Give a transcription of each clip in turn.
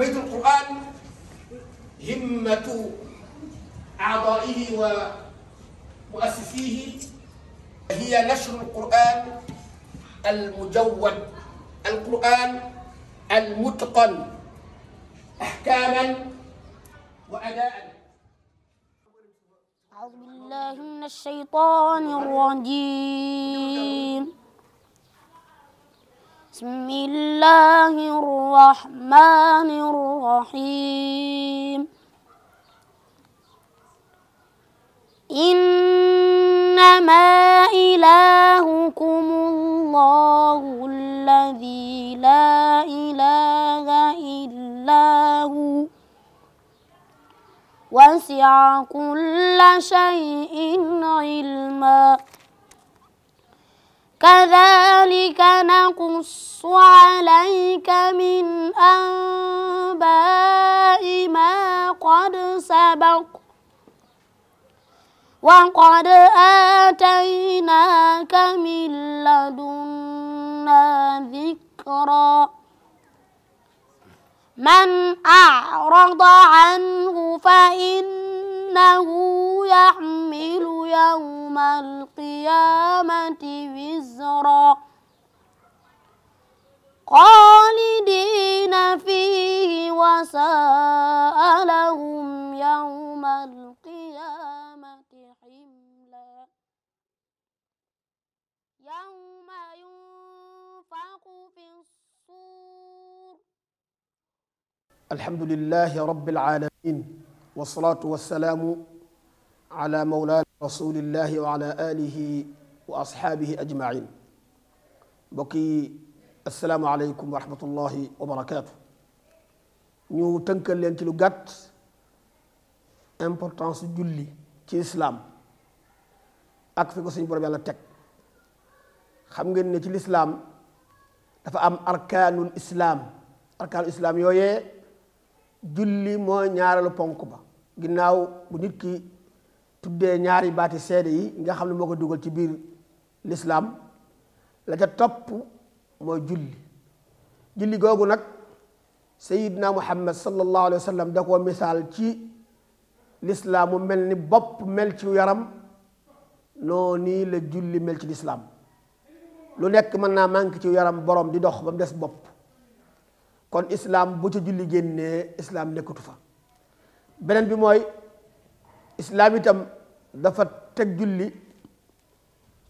بيت القرآن همة أعضائه ومؤسسيه هي نشر القرآن المجود القرآن المتقن أحكاما وأداء أعوذ بالله من الشيطان الرجيم بسم الله الله الرحمن الرحيم إنما إلهكم الله الذي لا إله إلا هو وسع كل شيء علما كذلك نقص نقص عليك من أنباء ما قد سبق وقد آتيناك من لدنا ذكرا من أعرض عنه فإنه يحمل يوم القيامة وزرا خالدين فيه وساء لهم يوم القيامة حملا يوم ينفق في الصور الحمد لله رب العالمين والصلاة والسلام على مولانا رسول الله وعلى آله وأصحابه أجمعين بقي asalaamaaleykum wa rahmatullahi wa barakaatu ñu tënkal leen ci lu gàtt importance julli ci lislaam ak fi ko suñu borom yàlla teg xam ngeen ne ci lislaam dafa am arkaanul islaam arkaanul islaam yooyee julli moo ñaareelu ponk ba ginnaaw bu nit ki tuddee ñaari baati seede yi nga xam ne moo ko dugal ci biir lislaam la ca topp mooy julli julli googu nag sayidna muhammad sallallahu alayhi wa sallam da koo misaal ci lislaamu mel ni bopp mel ci yaram noo nii la julli mel ci lislaam lu nekk mën naa manqué ci yaram borom di dox ba mu des bopp kon islaam bu ci julli génnee islaam nekkatu fa beneen bi mooy islaam itam dafa teg julli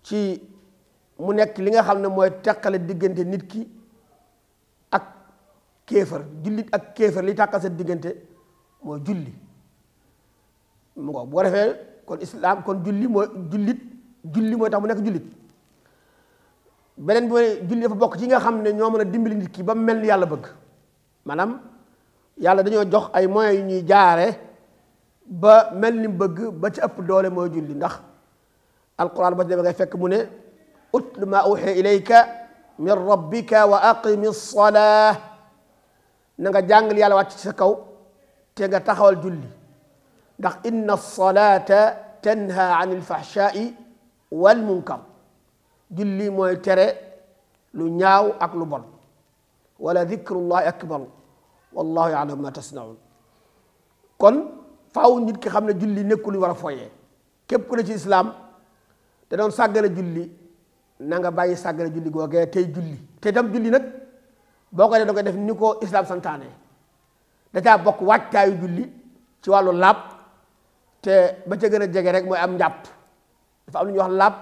ci mu nek li nga xamne moy takale digeunte nit ki ak kefer julit ak kefer li tàqal sa diggante mooy julli mu ko bo defee kon islam kon julli moy julit julli moy tax mu nek julit benen bi julli dafa bok ci nga xamne ne ñoo mën dimbali nit ki ba mel yàlla bëgg manam yàlla dañu jox ay moyens yu ñuy jaare ba mel ni bëgg ba ci ëpp doole moy julli ndax alquran ba ci demee ngay fekk mu ne اتل ما اوحي اليك من ربك واقم الصلاه نغا جانغل يالا وات سكو تيغا تخاول جولي داخ ان الصلاه تنهى عن الفحشاء والمنكر جولي موي تري لو نياو اك لو بون ولا ذكر الله اكبر والله يعلم ما تصنعون كون فاو نيت كي خامنا جولي نيكول ورا فويه كيب كولي سي اسلام دا دون ساغالا جولي na nga bàyyi sàggale julli googee tey julli te tam julli nag boo ko def def ni ko islam santaane da bokk waajtaayu julli ci wàllu laab te ba ca gën a jege rek mooy am njàpp dafa am lu ñuy wax laab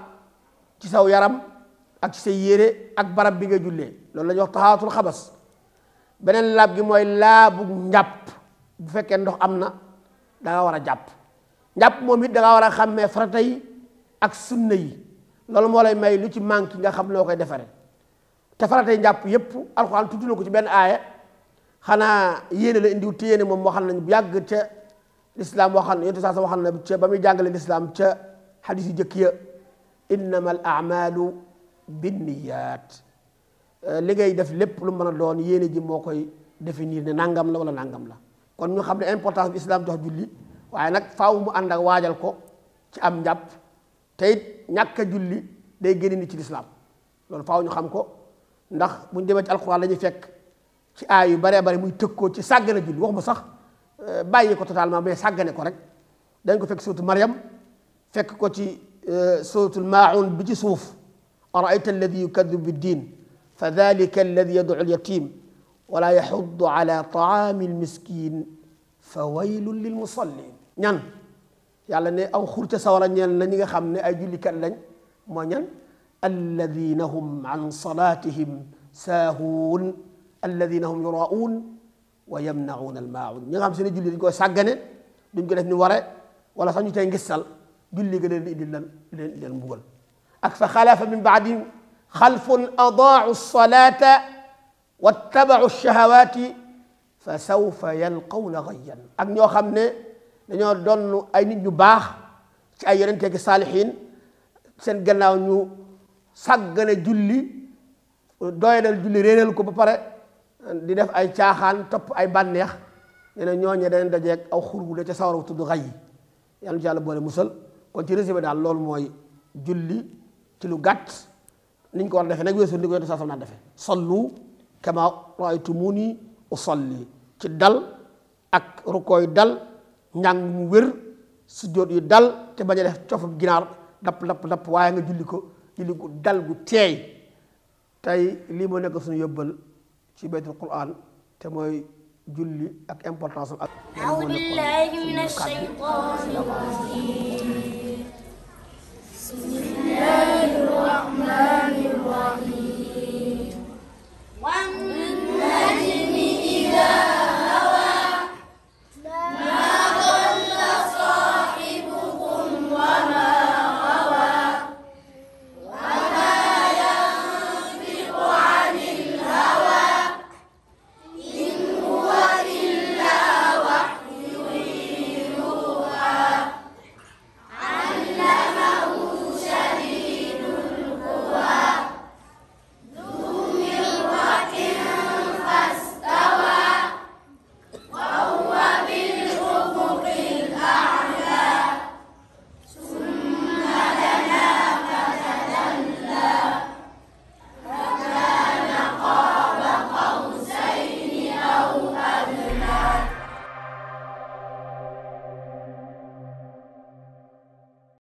ci saw yaram ak ci sa yére ak barab bi nga jullee loolu la ñuy wax taxaatul xabas beneen laab gi mooy laabu njàpp bu fekkee ndox am na da war a jàpp njàpp moom it da war a xàmmee farata yi ak sunna yi lolou moo lay may lu ci manki nga xam lokay defare defaree te faratay njàpp yépp alxuraan tudd na ci ben aya xana yene la indi wu tiyene mom waxal nañ bu yàgg ca lislaam waxal yentu yontu sa waxal na ca bamuy jàngale lislaam ca hadith jeuk ya innamal amalu binniyat ligay def lépp lu mën a doon yéene ji mokoy définir ne nangam la wala nangam la kon ñu xam ne importance bi islam jox julli waaye nag faaw mu ànd ak waajal ko ci am njàpp تيت ناكا جولي داي جيني نيتي الاسلام لول فاو ني خامكو نдах بو نديما القران لا ني فيك تي ايو باري باري موي تيكو تي ساغنا جولي واخما صاح بايي كو توتال ما مي ساغاني كو ريك دنجو فيك سوره مريم فيك كو تي سوره الماعون بيجي سوف ارايت الذي يكذب بالدين فذلك الذي يدعو اليتيم ولا يحض على طعام المسكين فويل للمصلين نان yàlla ne aw xur ca sawara ñeel na ñi nga xam ne ay jullikat lañ moo ñan alladina hum an salatihim saahuun alladina hum yuraun wa yamnauna almaaun ñi nga xam seen julli dañ koy sàggane duñ ko def ni ware wala sax ñu tey ngissal julli ga leen di indi leen leen leen mbugal ak fa xalafa min baadihim xalfun adaau salata wattabau alshahawati fa sawfa yalqawna gayyan ak ñoo xam ne dañoo donn ay nit ñu baax ci ay yonente ki saalixiin seen gannaaw ñu sàggane julli doyadal julli réeral ko ba pare di def ay caaxaan topp ay bànneex nee na ñooñe dañu dajeeg aw xur da ca sawara tudd xay yi yàlla ci yàlla boole musal kon ci résumé daal loolu mooy julli ci lu gàtt niñ ko war a defee nag weesu ni ko yonte saa sam naa defe sallu kama raaytumuni usalli ci dal ak rukooy dal ñang mu wér sujjóot yu dal te baña def cofub ginar dap dap dap waaye nga julli ko julli gu dal gu tey tay li mo nek suñu yobbal ci baytul quran te moy julli ak importance ak أعوذ بالله من الشيطان